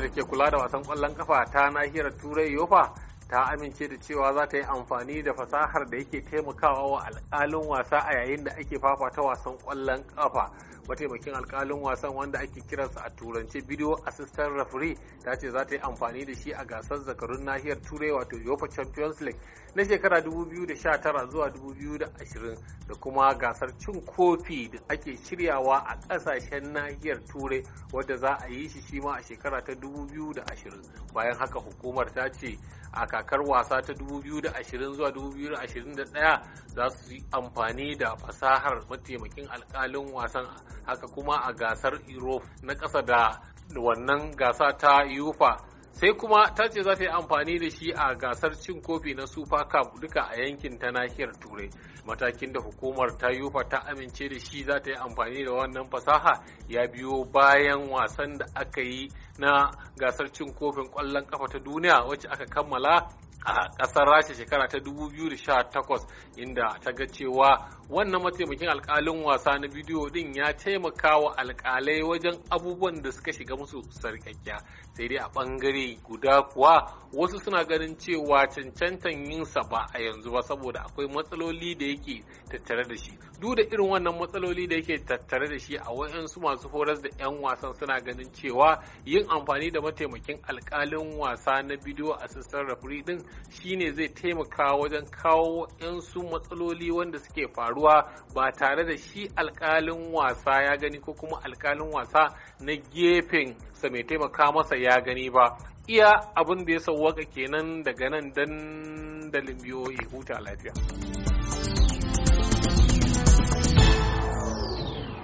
da ke kula da wasan kwallon kafa ta nahiyar turai yofa ta amince da cewa za ta yi amfani da fasahar da yake taimakawa wa alkalin wasa a yayin da ake fafata wasan kwallon kafa mataimakin alkalin wasan wanda ake kiransa a turance video assistant referee ta ce za ta yi amfani da shi a gasar zakarun nahiyar turai wato yofa champions league na shekara 2019 zuwa 2020 da kuma gasar cin kofi da ake shiryawa a kasashen nahiyar turai wadda za a yi shi shima a shekara ta 2020 bayan haka hukumar ta ce a kakar wasa ta 2020 zuwa 2021 za su yi amfani da fasahar mataimakin alkalin wasan haka kuma a gasar europe na ƙasa da wannan gasa ta yufa sai kuma ta ce za ta yi amfani da shi a gasar cin kofi na super cup duka a yankin ta nahiyar turai matakin da hukumar ta yufa ta amince da shi za ta yi amfani da wannan fasaha ya biyo bayan wasan da aka yi na gasar cin kofin ƙwallon ƙafa ta duniya wacce aka kammala a kasar rasha shekara ta 2018 inda ta ga cewa wannan mataimakin alkalin wasa na bidiyo din ya taimaka wa alkalai wajen abubuwan da suka shiga musu sarkakkiya sai dai a bangare guda kuwa wasu suna ganin cewa cancantan yinsa ba a yanzu ba saboda akwai matsaloli da yake tattare da shi duk da irin wannan matsaloli da yake tattare da shi a wayansu masu horas da 'yan wasan suna ganin cewa yin amfani da mataimakin alkalin wasa na bidiyo a sassan referee din shine zai taimaka wajen kawo su matsaloli wanda suke faruwa ba tare da shi alkalin wasa ya gani ko kuma alkalin wasa na gefen sa mai taimaka masa ya gani ba iya abin da ya sauwaka kenan daga nan dandalin ya huta lafiya.